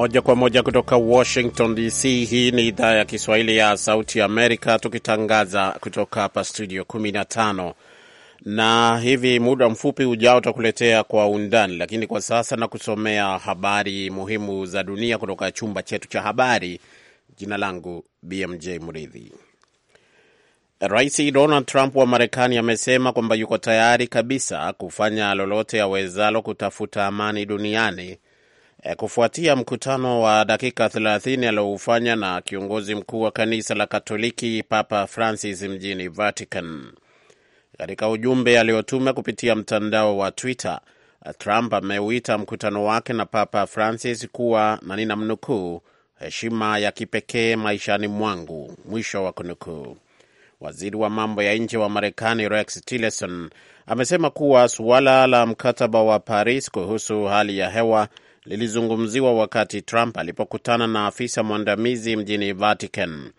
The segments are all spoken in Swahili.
Moja kwa moja kutoka Washington DC. Hii ni idhaa ya Kiswahili ya Sauti ya Amerika, tukitangaza kutoka hapa studio 15 na hivi muda mfupi ujao utakuletea kwa undani, lakini kwa sasa na kusomea habari muhimu za dunia kutoka chumba chetu cha habari. Jina langu BMJ Mridhi. Rais Donald Trump wa Marekani amesema kwamba yuko tayari kabisa kufanya lolote awezalo kutafuta amani duniani Eh, kufuatia mkutano wa dakika 30 aliofanya na kiongozi mkuu wa kanisa la Katoliki Papa Francis mjini Vatican. Katika ujumbe aliotuma kupitia mtandao wa Twitter, Trump ameuita mkutano wake na Papa Francis kuwa na nina mnukuu, heshima ya kipekee maishani mwangu, mwisho wa kunukuu. Waziri wa mambo ya nje wa Marekani Rex Tillerson amesema kuwa suala la mkataba wa Paris kuhusu hali ya hewa lilizungumziwa wakati Trump alipokutana na afisa mwandamizi mjini Vatican.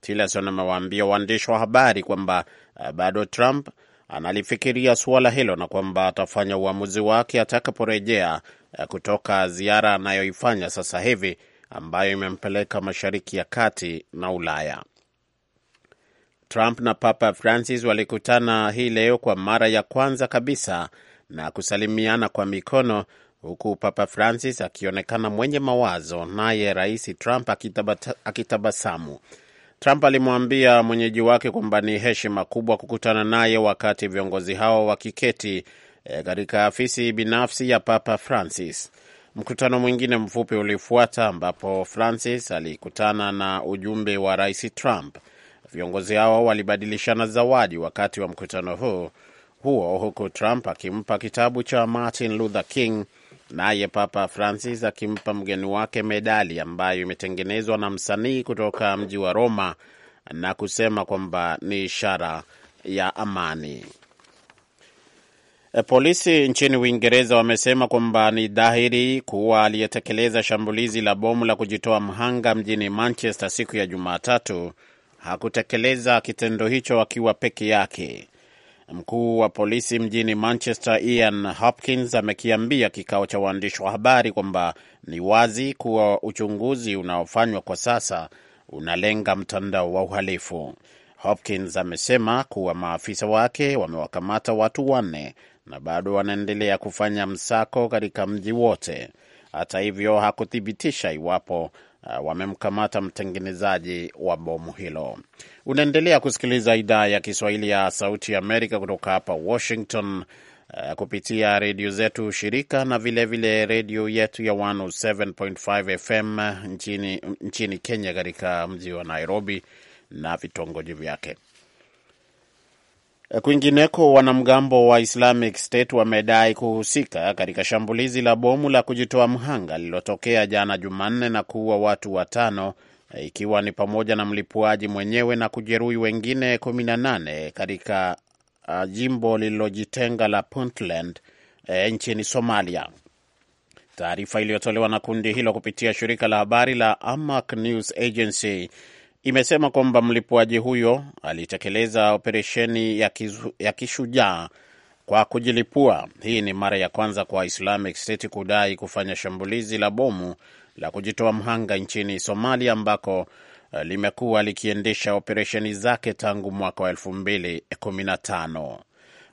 Tillerson amewaambia waandishi wa habari kwamba eh, bado Trump analifikiria suala hilo na kwamba atafanya uamuzi wake atakaporejea eh, kutoka ziara anayoifanya sasa hivi ambayo imempeleka Mashariki ya Kati na Ulaya. Trump na Papa Francis walikutana hii leo kwa mara ya kwanza kabisa na kusalimiana kwa mikono huku Papa Francis akionekana mwenye mawazo, naye Rais Trump akitabasamu. Trump alimwambia mwenyeji wake kwamba ni heshima kubwa kukutana naye wakati viongozi hao wakiketi eh, katika e, afisi binafsi ya Papa Francis. Mkutano mwingine mfupi ulifuata ambapo Francis alikutana na ujumbe wa Rais Trump. Viongozi hao walibadilishana zawadi wakati wa mkutano huo huo, huku Trump akimpa kitabu cha Martin Luther King naye Papa Francis akimpa mgeni wake medali ambayo imetengenezwa na msanii kutoka mji wa Roma na kusema kwamba ni ishara ya amani. E, polisi nchini Uingereza wamesema kwamba ni dhahiri kuwa aliyetekeleza shambulizi la bomu la kujitoa mhanga mjini Manchester siku ya Jumatatu hakutekeleza kitendo hicho akiwa peke yake. Mkuu wa polisi mjini Manchester Ian Hopkins amekiambia kikao cha waandishi wa habari kwamba ni wazi kuwa uchunguzi unaofanywa kwa sasa unalenga mtandao wa uhalifu. Hopkins amesema kuwa maafisa wake wamewakamata watu wanne na bado wanaendelea kufanya msako katika mji wote. Hata hivyo, hakuthibitisha iwapo Eh, wamemkamata mtengenezaji wa bomu hilo. Unaendelea kusikiliza idhaa ya Kiswahili ya Sauti ya Amerika kutoka hapa Washington, uh, kupitia redio zetu shirika na vilevile redio yetu ya 107.5 FM nchini, nchini Kenya katika mji wa Nairobi na vitongoji vyake. Eh, kwingineko, wanamgambo wa Islamic State wamedai kuhusika katika shambulizi la bomu la kujitoa mhanga lililotokea jana Jumanne na kuua watu watano eh, ikiwa ni pamoja na mlipuaji mwenyewe na kujeruhi wengine 18 katika uh, jimbo lililojitenga la Puntland eh, nchini Somalia. Taarifa iliyotolewa na kundi hilo kupitia shirika la habari la Amaq News Agency imesema kwamba mlipuaji huyo alitekeleza operesheni ya, ya kishujaa kwa kujilipua. Hii ni mara ya kwanza kwa Islamic State kudai kufanya shambulizi la bomu la kujitoa mhanga nchini Somalia ambako eh, limekuwa likiendesha operesheni zake tangu mwaka wa 2015.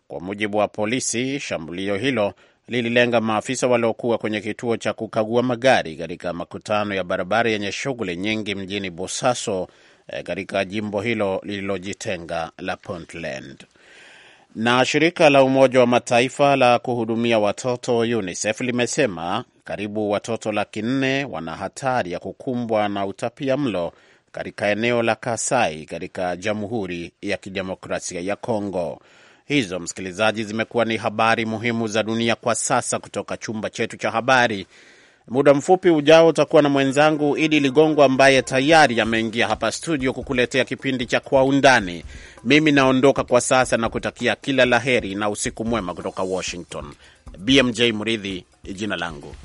Kwa mujibu wa polisi, shambulio hilo lililenga maafisa waliokuwa kwenye kituo cha kukagua magari katika makutano ya barabara yenye shughuli nyingi mjini Bosaso eh, katika jimbo hilo lililojitenga la Puntland. Na shirika la Umoja wa Mataifa la kuhudumia watoto UNICEF limesema karibu watoto laki nne wana hatari ya kukumbwa na utapia mlo katika eneo la Kasai katika Jamhuri ya Kidemokrasia ya Kongo. Hizo msikilizaji, zimekuwa ni habari muhimu za dunia kwa sasa kutoka chumba chetu cha habari. Muda mfupi ujao utakuwa na mwenzangu Idi Ligongo ambaye tayari ameingia hapa studio kukuletea kipindi cha Kwa Undani. Mimi naondoka kwa sasa na kutakia kila la heri na usiku mwema kutoka Washington. BMJ Mridhi jina langu.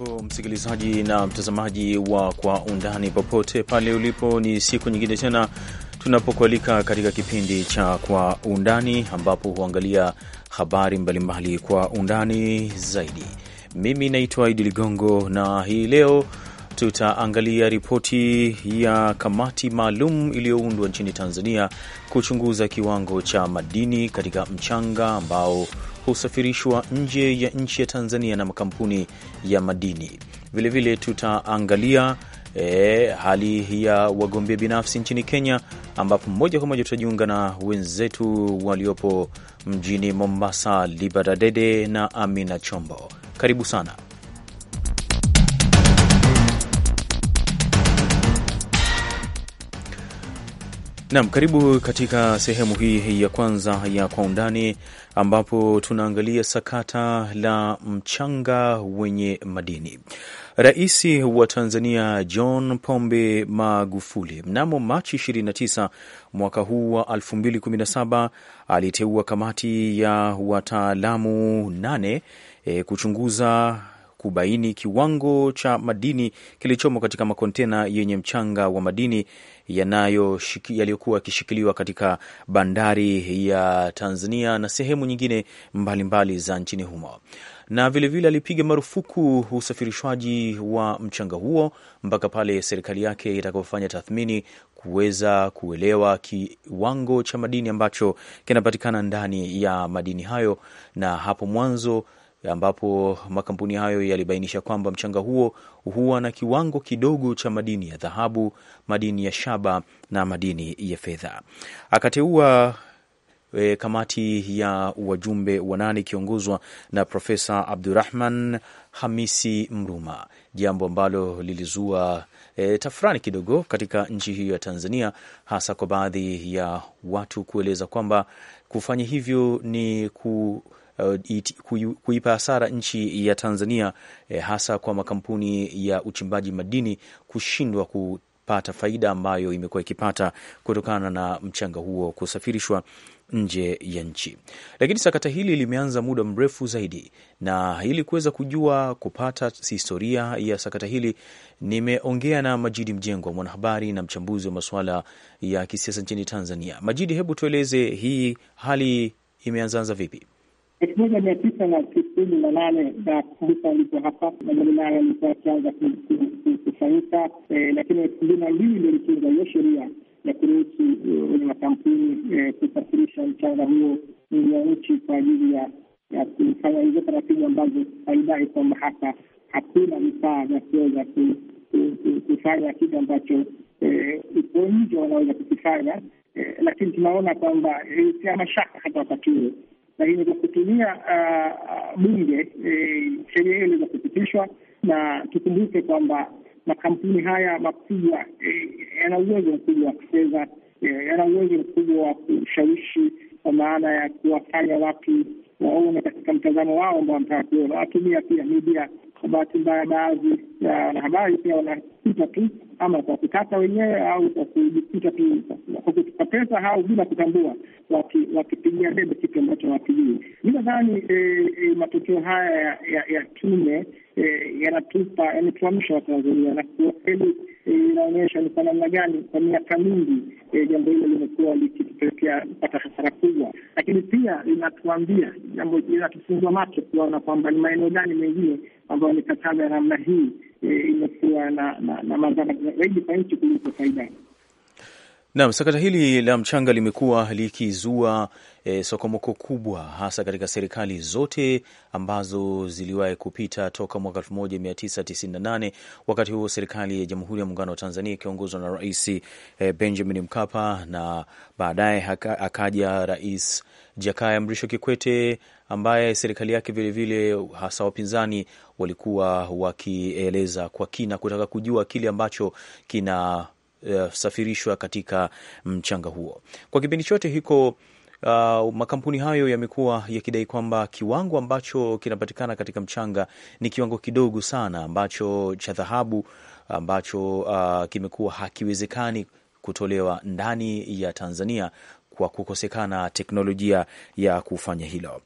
Hujambo msikilizaji na mtazamaji wa Kwa Undani popote pale ulipo, ni siku nyingine tena tunapokualika katika kipindi cha Kwa Undani ambapo huangalia habari mbalimbali kwa undani zaidi. Mimi naitwa Idi Ligongo na hii leo tutaangalia ripoti ya kamati maalum iliyoundwa nchini Tanzania kuchunguza kiwango cha madini katika mchanga ambao husafirishwa nje ya nchi ya Tanzania na makampuni ya madini. Vilevile tutaangalia e, hali ya wagombea binafsi nchini Kenya, ambapo moja kwa moja tutajiunga na wenzetu waliopo mjini Mombasa, Liberadede na Amina Chombo. Karibu sana. Naam, karibu katika sehemu hii ya kwanza ya Kwa Undani, ambapo tunaangalia sakata la mchanga wenye madini. Rais wa Tanzania John Pombe Magufuli mnamo Machi 29 mwaka huu wa 2017 aliteua kamati ya wataalamu nane e, kuchunguza kubaini kiwango cha madini kilichomo katika makontena yenye mchanga wa madini yaliyokuwa yakishikiliwa katika bandari ya Tanzania na sehemu nyingine mbalimbali mbali za nchini humo na vilevile alipiga marufuku usafirishwaji wa mchanga huo mpaka pale serikali yake itakapofanya tathmini kuweza kuelewa kiwango cha madini ambacho kinapatikana ndani ya madini hayo. Na hapo mwanzo ambapo makampuni hayo yalibainisha kwamba mchanga huo huwa na kiwango kidogo cha madini ya dhahabu, madini ya shaba na madini ya fedha. Akateua e, kamati ya wajumbe wanane ikiongozwa na Profesa Abdurahman Hamisi Mruma, jambo ambalo lilizua e, tafurani kidogo katika nchi hiyo ya Tanzania, hasa kwa baadhi ya watu kueleza kwamba kufanya hivyo ni ku uh, kuipa hasara nchi ya Tanzania eh, hasa kwa makampuni ya uchimbaji madini kushindwa ku pata faida ambayo imekuwa ikipata kutokana na mchanga huo kusafirishwa nje ya nchi. Lakini sakata hili limeanza muda mrefu zaidi, na ili kuweza kujua kupata historia ya sakata hili nimeongea na Majidi Mjengwa, mwanahabari na mchambuzi wa masuala ya kisiasa nchini Tanzania. Majidi, hebu tueleze hii hali imeanzaanza vipi? elfu moja mia tisa na tisini na nane na kumbuka alipo hapa majadiliano yalikuwa yakianza kufanyika, eh, lakini elfu mbili na mbili ndio ilitungwa hiyo sheria ya kuruhusu eh, wenye makampuni eh, kusafirisha mchanga huo nje ya nchi kwa ajili ya kufanya hizo taratibu ambazo haidai kwamba hapa hakuna vifaa vya kuweza kufanya kitu ambacho uko nje wanaweza kukifanya, lakini tunaona kwamba sia mashaka hata wakati huo lakini kwa kutumia ah, ah, bunge eh, sheria hiyo inaweza kupitishwa, na tukumbuke kwamba makampuni haya makubwa eh, yana uwezo mkubwa wa kifedha, eh, yana uwezo mkubwa wa kushawishi, kwa maana ya kuwafanya watu waone katika mtazamo wao ambao wanataka kuona. Watumia pia media kwa bahati mbaya, baadhi ya wanahabari pia wanapita tu, ama kwa kukata wenyewe au kwa kujikuta tu kwa kutupa pesa au bila kutambua, wakipigia debe kitu ambacho wakijui. Mi nadhani eh, eh, matokeo haya ya tume E, yanatupa wa Watanzania na kwa kweli e, inaonyesha ni kwa namna gani kwa miaka mingi e, jambo hilo limekuwa likitupelekea kupata hasara kubwa, lakini pia linatuambia jambo, linatufungua macho kuona kwamba ni maeneo gani mengine ambayo mikataba ya namna hii imekuwa na madhara zaidi kwa nchi kuliko faida. Naam, sakata hili la mchanga limekuwa likizua e, sokomoko kubwa hasa katika serikali zote ambazo ziliwahi kupita toka mwaka 1998 wakati huo serikali ya Jamhuri ya Muungano wa Tanzania ikiongozwa na Rais e, Benjamin Mkapa na baadaye akaja Rais Jakaya Mrisho Kikwete ambaye serikali yake vilevile vile hasa wapinzani walikuwa wakieleza kwa kina kutaka kujua kile ambacho kina kusafirishwa eh, katika mchanga huo kwa kipindi chote hiko. Uh, makampuni hayo yamekuwa yakidai kwamba kiwango ambacho kinapatikana katika mchanga ni kiwango kidogo sana ambacho cha dhahabu ambacho uh, kimekuwa hakiwezekani kutolewa ndani ya Tanzania kwa kukosekana teknolojia ya kufanya hilo.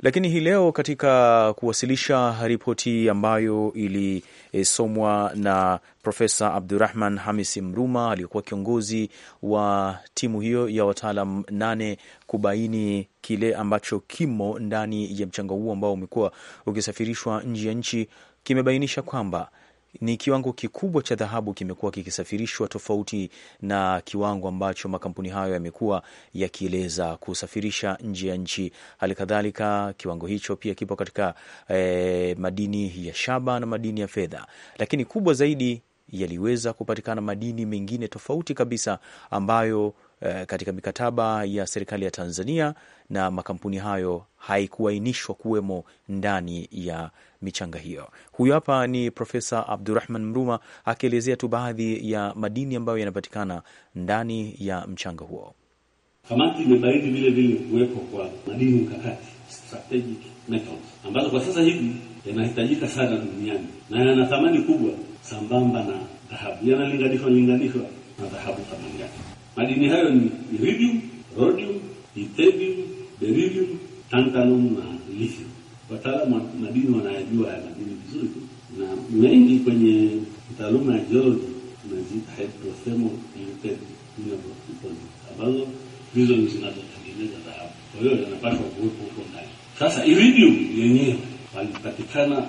Lakini hii leo katika kuwasilisha ripoti ambayo ilisomwa na Profesa Abdurahman Hamis Mruma aliyekuwa kiongozi wa timu hiyo ya wataalam nane kubaini kile ambacho kimo ndani ya mchanga huo ambao umekuwa ukisafirishwa nje ya nchi, kimebainisha kwamba ni kiwango kikubwa cha dhahabu kimekuwa kikisafirishwa tofauti na kiwango ambacho makampuni hayo yamekuwa yakieleza kusafirisha nje ya nchi. Hali kadhalika kiwango hicho pia kipo katika eh, madini ya shaba na madini ya fedha, lakini kubwa zaidi yaliweza kupatikana madini mengine tofauti kabisa ambayo Eh, katika mikataba ya serikali ya Tanzania na makampuni hayo haikuainishwa kuwemo ndani ya michanga hiyo. Huyu hapa ni Profesa Abdurahman Mruma akielezea tu baadhi ya madini ambayo yanapatikana ndani ya mchanga huo. Kamati imebaini vile vile kuwepo kwa madini mkakati strategic metals ambazo kwa sasa hivi yanahitajika sana duniani na yana thamani kubwa, sambamba na dhahabu. Yanalinganishwa linganishwa na dhahabu thamani yake Madini hayo ni iridium, rhodium, ytterbium, beryllium, tantalum na lithium. Wataalamu wa madini wanayajua ya madini vizuri tu, na mengi kwenye taaluma ya jiolojia tunaziita hydrothermal mineral ambazo hizo ni zinazotengeneza dhahabu, kwa hiyo yanapaswa kuwepo huko ndani. Sasa iridium yenyewe walipatikana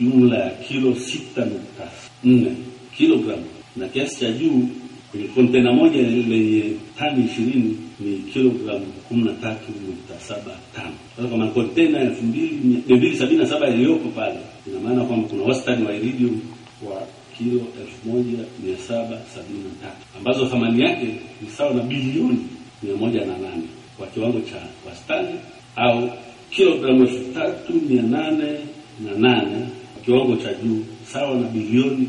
jumla ya kilo sita nukta nne kilogramu na kiasi cha juu kwenye kontena moja lenye tani ishirini ni kilogramu kumi na tatu nukta saba tano. Sasa kwa makontena elfu mbili sabini na saba pale, ina maana kwamba kuna wastani wa iridium wa kilo elfu moja mia saba sabini na tatu ambazo thamani yake ni sawa na bilioni mia moja na nane kwa kiwango cha wastani au kilogramu elfu tatu mia nane na nane kwa kiwango cha juu sawa na bilioni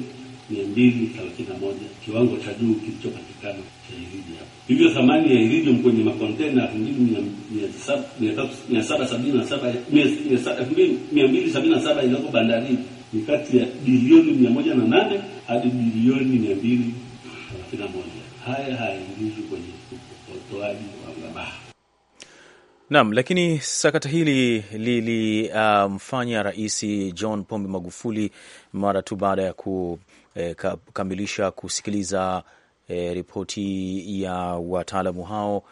mia moja kiwango cha juu kilichopatikana cha iridi hapo. Hivyo thamani ya iridium kwenye makontena elfu mbili mia iliyoko bandarini ni kati ya bilioni mia na nane hadi bilioni 231 na moja. Haya hayaingizwi kwenye utoaji wa mrabaha. Naam, lakini sakata hili lilimfanya um, rais John Pombe Magufuli mara tu baada ya ku eh, kamilisha kusikiliza eh, ripoti ya wataalamu hao,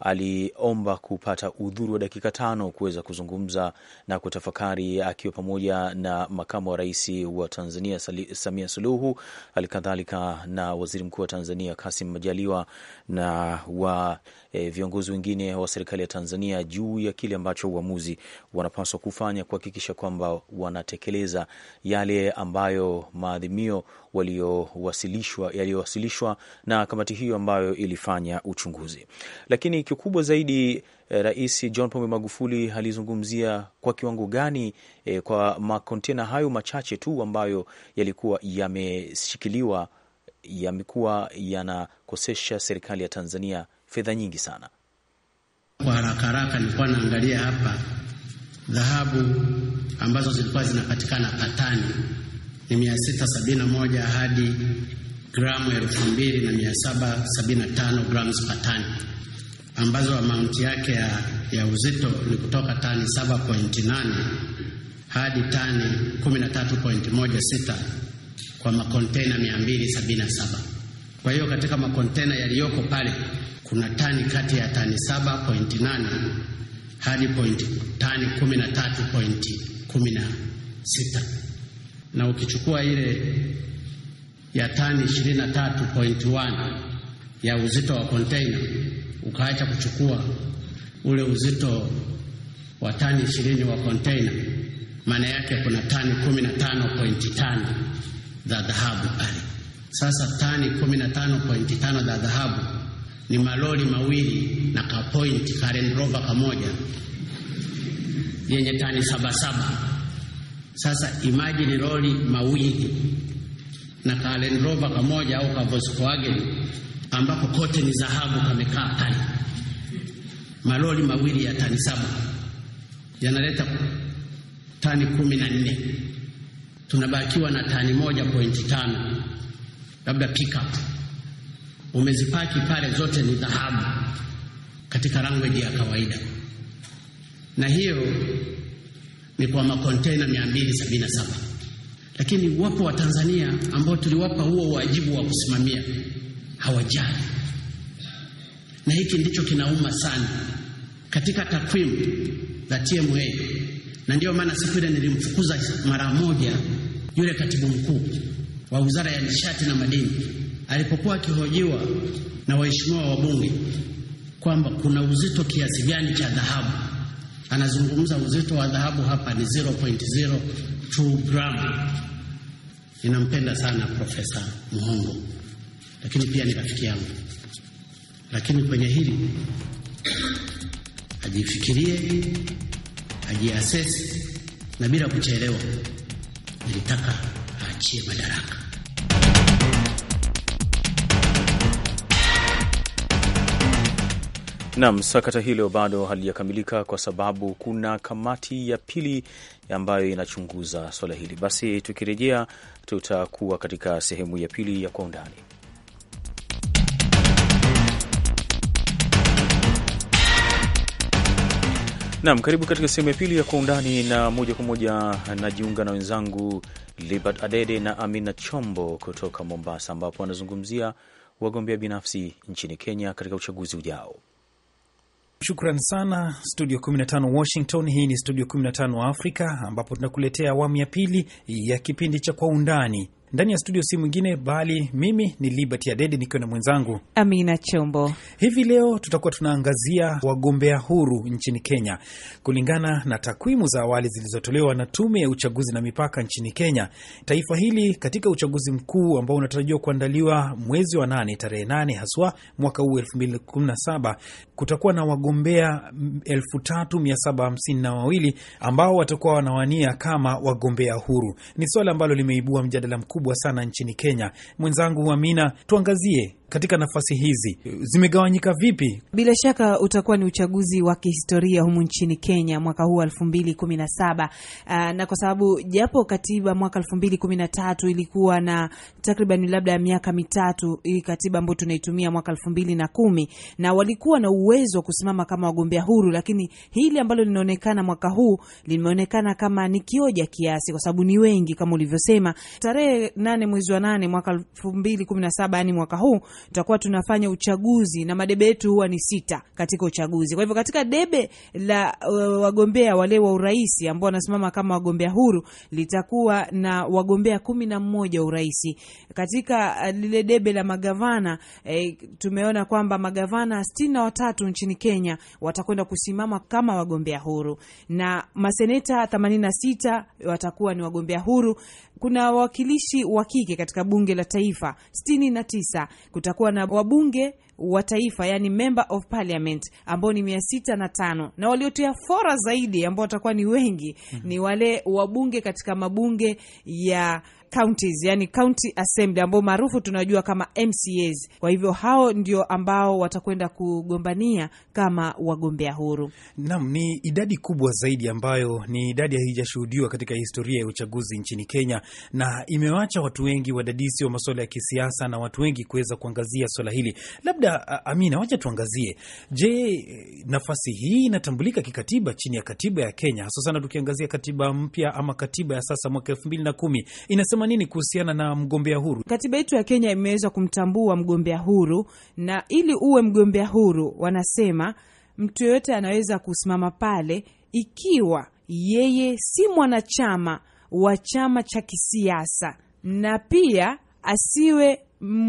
aliomba kupata udhuru wa dakika tano kuweza kuzungumza na kutafakari akiwa pamoja na makamu wa rais wa Tanzania Samia Suluhu, halikadhalika na waziri mkuu wa Tanzania Kasim Majaliwa na wa e, viongozi wengine wa serikali ya Tanzania juu ya kile ambacho uamuzi wanapaswa kufanya kuhakikisha kwamba wanatekeleza yale ambayo maadhimio waliowasilishwa yaliyowasilishwa na kamati hiyo ambayo ilifanya uchunguzi. Lakini kikubwa zaidi e, Rais John Pombe Magufuli alizungumzia kwa kiwango gani e, kwa makontena hayo machache tu ambayo yalikuwa yameshikiliwa yamekuwa yanakosesha serikali ya Tanzania fedha nyingi sana. Kwa haraka haraka nilikuwa naangalia hapa dhahabu ambazo zilikuwa zinapatikana patani ni mia moja hadi gramu elfu mbili na mia saba sabini na patani ambazo amaunti yake ya, ya uzito ni kutoka tani 7.8 hadi tani 13.16 kwa makontena 277. Kwa hiyo katika makontena yaliyoko pale kuna tani kati ya tani 7.8 hadi point tani 13.16, na ukichukua ile ya tani 23.1 ya uzito wa container ukaacha kuchukua ule uzito wa tani 20 wa container, maana yake kuna tani 15.5 za dhahabu pale. Sasa tani 15.5 za dhahabu ni malori mawili na ka kapointi Rover kamoja yenye tani sabasaba. Sasa imagine lori mawili na Rover kamoja au ka Volkswagen ambako kote ni dhahabu kamekaa pale, malori mawili ya tani saba yanaleta tani kumi na nne tunabakiwa na tani moja pointi tano labda pickup umezipaki pale zote ni dhahabu katika language ya kawaida, na hiyo ni kwa makontena 277 lakini wapo Watanzania ambao tuliwapa huo wajibu wa kusimamia hawajali, na hiki ndicho kinauma sana katika takwimu za TMA, na ndiyo maana siku ile nilimfukuza mara moja yule katibu mkuu wa Wizara ya Nishati na Madini alipokuwa akihojiwa na waheshimiwa wabunge kwamba kuna uzito kiasi gani cha dhahabu, anazungumza uzito wa dhahabu hapa ni 0.02 gram. Ninampenda sana Profesa Muhongo, lakini pia ni rafiki yangu, lakini kwenye hili ajifikirie, ajiasesi na bila kuchelewa, nilitaka aachie madaraka. nam sakata hilo bado halijakamilika kwa sababu kuna kamati ya pili ambayo inachunguza swala hili. Basi tukirejea, tutakuwa katika sehemu ya pili ya kwa undani. nam karibu katika sehemu ya pili ya kwa undani, na moja kwa moja najiunga na wenzangu Libert Adede na Amina Chombo kutoka Mombasa, ambapo wanazungumzia wagombea binafsi nchini Kenya katika uchaguzi ujao. Shukran sana Studio 15 Washington. Hii ni Studio 15 Afrika, ambapo tunakuletea awamu ya pili ya kipindi cha Kwa Undani. Ndani ya studio si mwingine bali mimi ni Liberty Adede nikiwa na mwenzangu Amina Chombo. Hivi leo tutakuwa tunaangazia wagombea huru nchini Kenya. Kulingana na takwimu za awali zilizotolewa na Tume ya Uchaguzi na Mipaka nchini Kenya, taifa hili katika uchaguzi mkuu ambao unatarajiwa kuandaliwa mwezi wa nane tarehe nane haswa mwaka huu saba kutakuwa na wagombea wawili ambao watakuwa wanawania kama wagombea huru. Ni swala ambalo limeibua mjadala mkubwa kubwa sana nchini Kenya. Mwenzangu Amina, tuangazie katika nafasi hizi zimegawanyika vipi? Bila shaka utakuwa ni uchaguzi wa kihistoria humu nchini Kenya mwaka huu elfu mbili kumi na saba ah, na kwa sababu japo katiba mwaka elfu mbili kumi na tatu ilikuwa na takriban labda miaka mitatu, hii katiba ambayo tunaitumia mwaka elfu mbili na kumi na walikuwa na uwezo wa kusimama kama wagombea huru, lakini hili ambalo linaonekana mwaka huu limeonekana kama ni kioja kiasi, kwa sababu ni wengi kama ulivyosema, tarehe nane mwezi wa nane mwaka elfu mbili kumi na saba yani mwaka huu tutakuwa tunafanya uchaguzi na madebe yetu huwa ni sita katika uchaguzi. Kwa hivyo katika debe la uh, wagombea wale wa urais ambao wanasimama kama wagombea huru litakuwa na wagombea kumi na mmoja urais. Katika uh, lile debe la magavana eh, tumeona kwamba magavana sitini na watatu nchini Kenya watakwenda kusimama kama wagombea huru na maseneta sita watakuwa ni wagombea huru. Kuna wawakilishi wa kike katika bunge la taifa 69 kutoka kutakuwa na wabunge wa taifa yani member of parliament ambao ni mia sita na tano na waliotia fora zaidi ambao watakuwa ni wengi mm -hmm. ni wale wabunge katika mabunge ya counties, yani county assembly ambao maarufu tunajua kama MCAs. Kwa hivyo hao ndio ambao watakwenda kugombania kama wagombea huru. Naam, ni idadi kubwa zaidi ambayo ni idadi haijashuhudiwa katika historia ya uchaguzi nchini Kenya, na imewacha watu wengi, wadadisi wa masuala ya kisiasa na watu wengi kuweza kuangazia swala hili. Labda Amina, wacha tuangazie, je, nafasi hii inatambulika kikatiba chini ya katiba ya Kenya, hasa sana tukiangazia katiba mpya ama katiba ya sasa mwaka elfu mbili na kumi inasema unasema nini kuhusiana na mgombea huru? Katiba yetu ya Kenya imeweza kumtambua mgombea huru, na ili uwe mgombea huru, wanasema mtu yoyote anaweza kusimama pale ikiwa yeye si mwanachama wa chama cha kisiasa na pia asiwe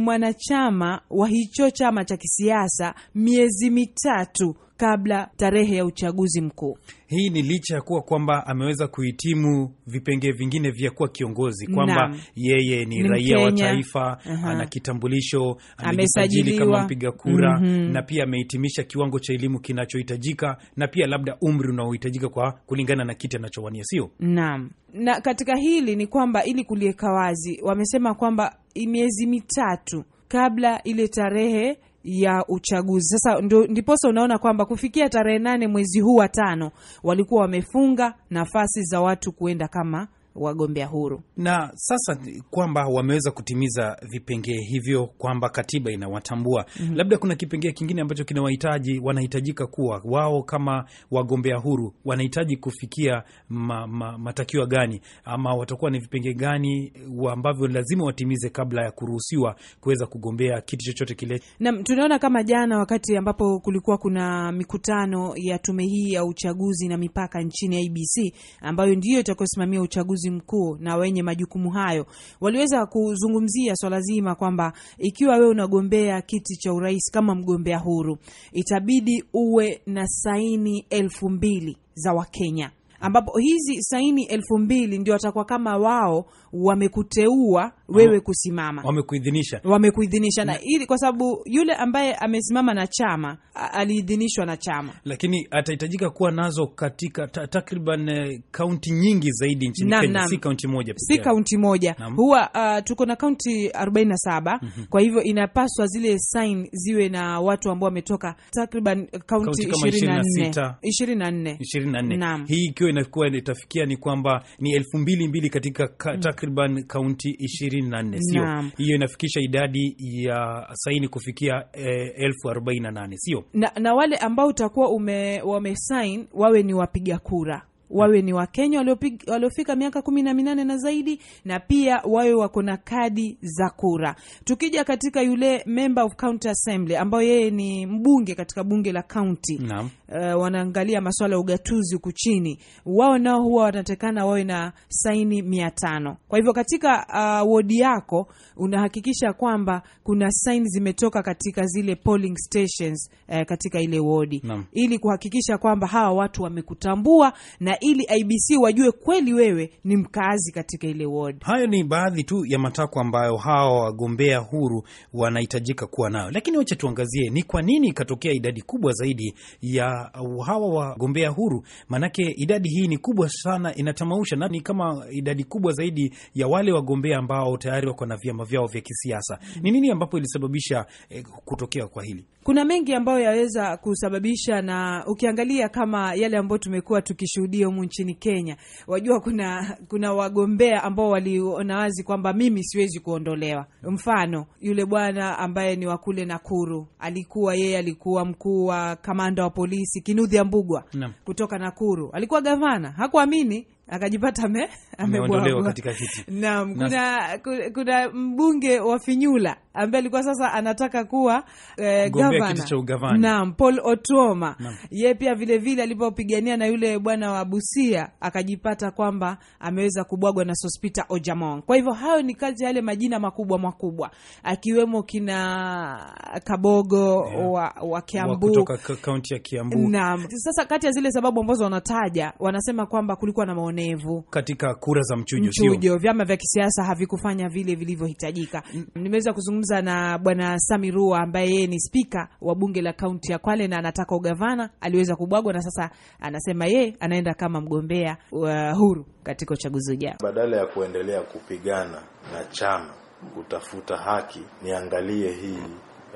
mwanachama wa hicho chama cha kisiasa miezi mitatu kabla tarehe ya uchaguzi mkuu. Hii ni licha ya kuwa kwamba ameweza kuhitimu vipengee vingine vya kuwa kiongozi, kwamba yeye ni, raia wa taifa uh -huh. Ana kitambulisho, amesajili kama mpiga kura mm -hmm. na pia amehitimisha kiwango cha elimu kinachohitajika na pia labda umri unaohitajika kwa kulingana na kiti anachowania, sio naam. Na katika hili ni kwamba ili kuliweka wazi, wamesema kwamba miezi mitatu kabla ile tarehe ya uchaguzi. Sasa ndiposa unaona kwamba kufikia tarehe nane mwezi huu wa tano walikuwa wamefunga nafasi za watu kuenda kama wagombea huru, na sasa kwamba wameweza kutimiza vipengee hivyo kwamba katiba inawatambua mm -hmm. Labda kuna kipengee kingine ambacho kinawahitaji, wanahitajika kuwa wao kama wagombea huru wanahitaji kufikia ma, ma, matakio gani ama watakuwa ni vipengee gani ambavyo lazima watimize kabla ya kuruhusiwa kuweza kugombea kiti chochote kile. Naam, tunaona kama jana wakati ambapo kulikuwa kuna mikutano ya tume hii ya uchaguzi na mipaka nchini IBC ambayo ndiyo itakayosimamia uchaguzi uchaguzi mkuu na wenye majukumu hayo waliweza kuzungumzia swala zima kwamba ikiwa wewe unagombea kiti cha urais kama mgombea huru, itabidi uwe na saini elfu mbili za Wakenya ambapo hizi saini elfu mbili ndio watakuwa kama wao wamekuteua wewe kusimama, wamekuidhinisha wamekuidhinisha, na na ili kwa sababu yule ambaye amesimama na chama aliidhinishwa na chama, lakini atahitajika kuwa nazo katika ta, takriban eh, kaunti nyingi zaidi nchini na, Kenya, na, si kaunti moja pekee, si kaunti moja na, huwa uh, tuko na kaunti 47 mm -hmm. Kwa hivyo inapaswa zile sign ziwe na watu ambao wametoka takriban kaunti 24 24 24 hii ikiwa inakuwa itafikia ni kwamba ni elfu mbili mbili katika ka, mm. takriban kaunti 20 24, sio hiyo? Inafikisha idadi ya saini kufikia eh, elfu arobaini na nane, sio na, na wale ambao utakuwa ume wamesain wawe ni wapiga kura wawe ni Wakenya waliofika miaka kumi na minane na zaidi, na pia wawe wako na kadi za kura. Tukija katika yule member of county assembly ambayo yeye ni mbunge katika bunge la kaunti uh, eh, wanaangalia maswala ya ugatuzi huku chini, wao nao huwa wanatekana wawe na saini mia tano. Kwa hivyo katika uh, wodi yako unahakikisha kwamba kuna saini zimetoka katika zile polling stations, uh, katika ile wodi ili kuhakikisha kwamba hawa watu wamekutambua na na ili IBC wajue kweli wewe ni mkazi katika ile ward. Hayo ni baadhi tu ya matakwa ambayo hawa wagombea huru wanahitajika kuwa nayo, lakini wacha tuangazie ni kwa nini ikatokea idadi kubwa zaidi ya hawa wagombea huru. Maanake idadi hii ni kubwa sana, inatamausha na ni kama idadi kubwa zaidi ya wale wagombea ambao tayari wako na vyama vyao vya kisiasa. Ni nini ambapo ilisababisha eh, kutokea kwa hili? kuna mengi ambayo yaweza kusababisha, na ukiangalia kama yale ambayo tumekuwa tukishuhudia humu nchini Kenya, wajua kuna kuna wagombea ambao waliona wazi kwamba mimi siwezi kuondolewa. Mfano yule bwana ambaye ni wa kule Nakuru, alikuwa yeye alikuwa mkuu wa kamanda wa polisi Kinudhi Ambugwa kutoka Nakuru, alikuwa gavana, hakuamini akajipata ame, amebwagwa katika kiti. Naam, kuna, kuna mbunge wa Finyula ambaye alikuwa sasa anataka kuwa eh, gavana. Naam, Paul Otuoma ye pia vilevile alipopigania na yule bwana wa Busia akajipata kwamba ameweza kubwagwa na Sospita Ojamong. Kwa hivyo hayo ni kati ya yale majina makubwa makubwa akiwemo kina Kabogo yeah, wa, wa Kiambu kutoka kaunti ya Kiambu. Naam, sasa kati ya zile sababu ambazo wanataja wanasema kwamba kulikuwa na maone uonevu katika kura za mchujo, mchujo. Vyama vya kisiasa havikufanya vile vilivyohitajika. Mm. Nimeweza kuzungumza na bwana Samirua ambaye yeye ni spika wa bunge la kaunti ya Kwale na anataka ugavana, aliweza kubwagwa na sasa anasema yeye anaenda kama mgombea uh, huru katika uchaguzi ujao. Badala ya kuendelea kupigana na chama kutafuta haki, niangalie hii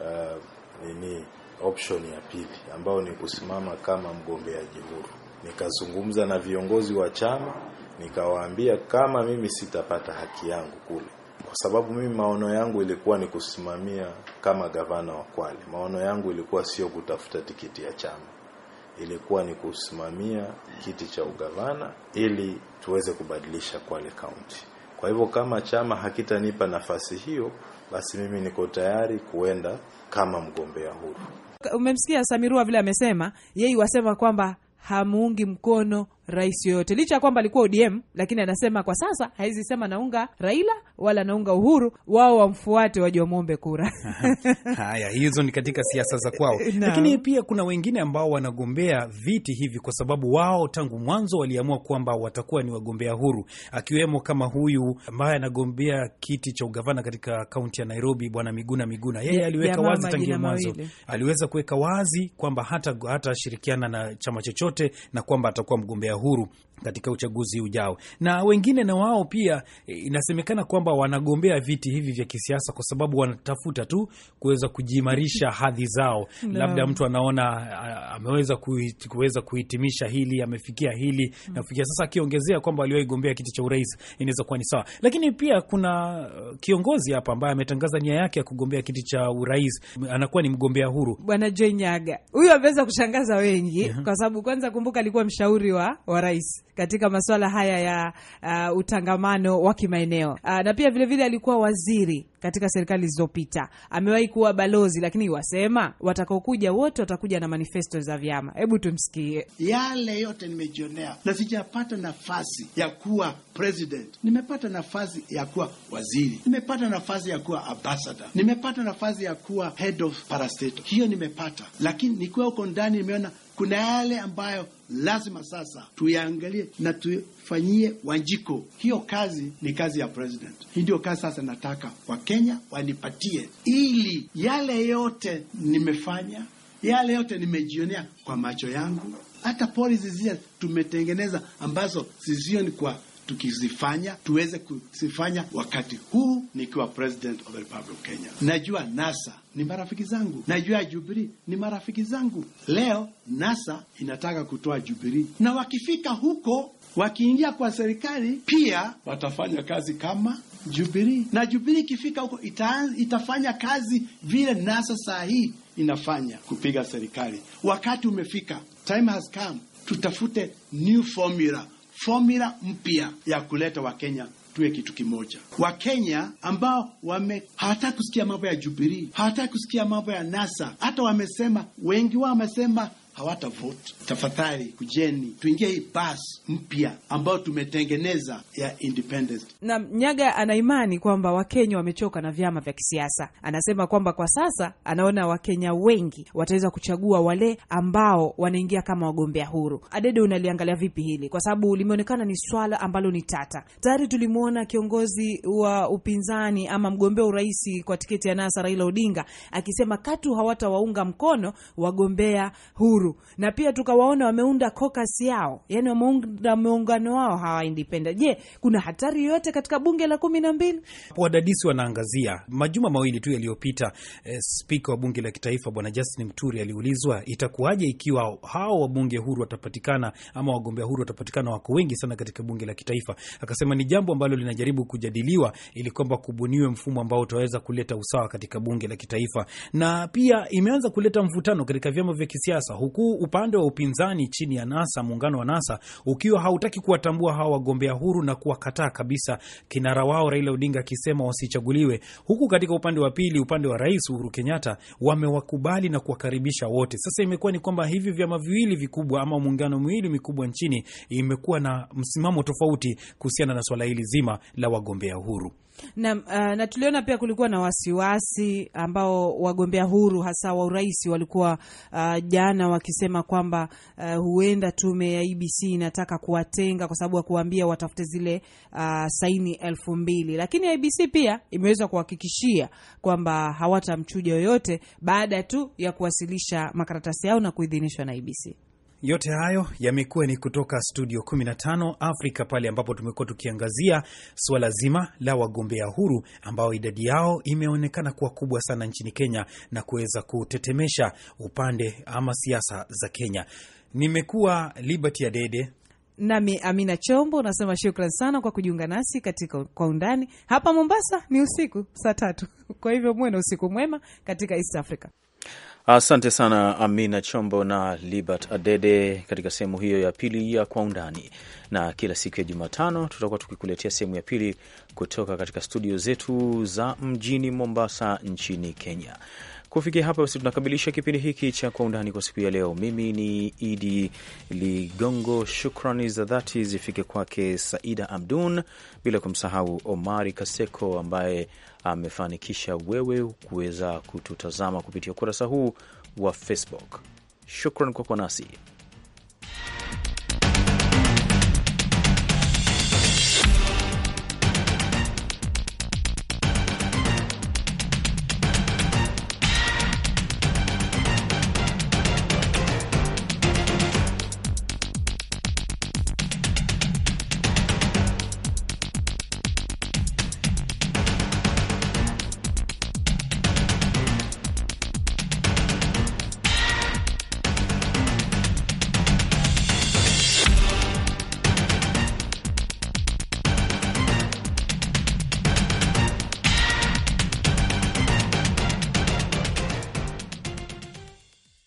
uh, nini option ya pili ambayo ni kusimama kama mgombeaji huru nikazungumza na viongozi wa chama, nikawaambia kama mimi sitapata haki yangu kule, kwa sababu mimi maono yangu ilikuwa ni kusimamia kama gavana wa Kwale. Maono yangu ilikuwa sio kutafuta tikiti ya chama, ilikuwa ni kusimamia kiti cha ugavana ili tuweze kubadilisha Kwale kaunti Kwa hivyo kama chama hakitanipa nafasi hiyo, basi mimi niko tayari kuenda kama mgombea huru. Umemsikia Samirua vile amesema, yeye wasema kwamba hamuungi mkono rais yoyote, licha ya kwamba alikuwa ODM, lakini anasema kwa sasa hawezi sema naunga Raila wala naunga Uhuru, wao wamfuate waje wamwombe kura. Haya, hizo ni katika siasa za kwao, no. lakini pia kuna wengine ambao wanagombea viti hivi kwa sababu wao tangu mwanzo waliamua kwamba watakuwa ni wagombea huru, akiwemo kama huyu ambaye anagombea kiti cha ugavana katika kaunti ya Nairobi, Bwana Miguna Miguna. Yeye aliweka wazi tangu mwanzo, aliweza kuweka wazi kwamba hata hatashirikiana na chama chochote na kwamba atakuwa mgombea huru katika uchaguzi ujao, na wengine na wao pia e, inasemekana kwamba wanagombea viti hivi vya kisiasa kwa sababu wanatafuta tu kuweza kujiimarisha hadhi zao no. Labda mtu anaona ameweza kuweza kuhitimisha hili, amefikia hili mm. na kufikia sasa, akiongezea kwamba aliwaigombea kiti cha urais inaweza kuwa ni sawa, lakini pia kuna e, kiongozi hapa ambaye ametangaza nia yake ya kugombea kiti cha urais, anakuwa ni mgombea huru, Bwana Joy Nyaga. Huyu ameweza kushangaza wengi -huh. kwa sababu kwanza, kumbuka alikuwa mshauri wa wa rais katika masuala haya ya uh, utangamano wa kimaeneo uh, na pia vilevile alikuwa waziri katika serikali zilizopita, amewahi kuwa balozi, lakini wasema watakaokuja wote watakuja na manifesto za vyama. Hebu tumsikie. Yale yote nimejionea na sijapata nafasi ya kuwa president, nimepata nafasi ya kuwa waziri, nimepata nafasi ya kuwa ambassador, nimepata nafasi ya kuwa head of parastato. hiyo nimepata, lakini nikiwa huko ndani nimeona kuna yale ambayo lazima sasa tuyaangalie na tufanyie Wanjiko. Hiyo kazi ni kazi ya president. Hii ndio kazi sasa nataka Wakenya wanipatie, ili yale yote nimefanya, yale yote nimejionea kwa macho yangu, hata polisi zile tumetengeneza ambazo sizioni kwa tukizifanya tuweze kuzifanya wakati huu nikiwa president of the republic of Kenya. Najua NASA ni marafiki zangu, najua Jubilee ni marafiki zangu. Leo NASA inataka kutoa Jubilee, na wakifika huko, wakiingia kwa serikali, pia watafanya kazi kama Jubilee, na Jubilee ikifika huko ita, itafanya kazi vile NASA saa hii inafanya kupiga serikali. Wakati umefika, time has come, tutafute new formula formula mpya ya kuleta Wakenya tuwe kitu kimoja. Wakenya ambao wame hawataki kusikia mambo ya Jubilee, hawataki kusikia mambo ya NASA, hata wamesema, wengi wao wamesema hawata vote tafadhali kujeni tuingie hii basi mpya ambayo tumetengeneza ya independence. Na Nyaga ana imani kwamba Wakenya wamechoka na vyama vya kisiasa. Anasema kwamba kwa sasa anaona Wakenya wengi wataweza kuchagua wale ambao wanaingia kama wagombea huru. Adede, unaliangalia vipi hili, kwa sababu limeonekana ni swala ambalo ni tata. Tayari tulimwona kiongozi wa upinzani ama mgombea urais kwa tiketi ya NASA Raila Odinga akisema katu hawatawaunga mkono wagombea huru, na pia tuka waona wameunda kokas yao, yani wameunda muungano wao hawa independent. Je, kuna hatari yoyote katika bunge la kumi na mbili? Wadadisi wanaangazia majuma mawili tu yaliyopita, eh, spika wa bunge la kitaifa bwana Justin Mturi aliulizwa itakuwaje ikiwa hao wabunge huru watapatikana ama wagombea huru watapatikana, wako wengi sana katika bunge la kitaifa. Akasema ni jambo ambalo linajaribu kujadiliwa ili kwamba kubuniwe mfumo ambao utaweza kuleta usawa katika bunge la kitaifa, na pia imeanza kuleta mvutano katika vyama vya kisiasa huku upande wa upinzani upinzani chini ya NASA, muungano wa NASA, ukiwa hautaki kuwatambua hawa wagombea huru na kuwakataa kabisa, kinara wao Raila Odinga akisema wasichaguliwe, huku katika upande wa pili, upande wa Rais Uhuru Kenyatta wamewakubali na kuwakaribisha wote. Sasa imekuwa ni kwamba hivi vyama viwili vikubwa ama muungano miwili mikubwa nchini imekuwa na msimamo tofauti kuhusiana na swala hili zima la wagombea huru. Na, uh, na tuliona pia kulikuwa na wasiwasi ambao wagombea huru hasa wa urais walikuwa uh, jana wakisema kwamba uh, huenda tume ya IBC e inataka kuwatenga kwa sababu ya kuambia watafute zile uh, saini elfu mbili, lakini IBC e pia imeweza kuhakikishia kwamba hawatamchuja yoyote baada tu ya kuwasilisha makaratasi yao na kuidhinishwa na IBC. E yote hayo yamekuwa ni kutoka studio 15 Afrika, pale ambapo tumekuwa tukiangazia suala zima la wagombea huru ambao idadi yao imeonekana kuwa kubwa sana nchini Kenya na kuweza kutetemesha upande ama siasa za Kenya. Nimekuwa Liberty Adede nami Amina Chombo. Nasema shukran sana kwa kujiunga nasi katika Kwa Undani. Hapa Mombasa ni usiku saa tatu, kwa hivyo muwe na usiku mwema katika East Africa. Asante sana Amina Chombo na Libert Adede katika sehemu hiyo ya pili ya Kwa Undani. Na kila siku ya Jumatano tutakuwa tukikuletea sehemu ya pili kutoka katika studio zetu za mjini Mombasa nchini Kenya. Kufikia hapa basi, tunakamilisha kipindi hiki cha Kwa Undani kwa siku ya leo. Mimi ni Idi Ligongo, shukrani za dhati zifike kwake Saida Abdun, bila kumsahau Omari Kaseko ambaye amefanikisha wewe kuweza kututazama kupitia ukurasa huu wa Facebook. Shukran kwa kuwa nasi.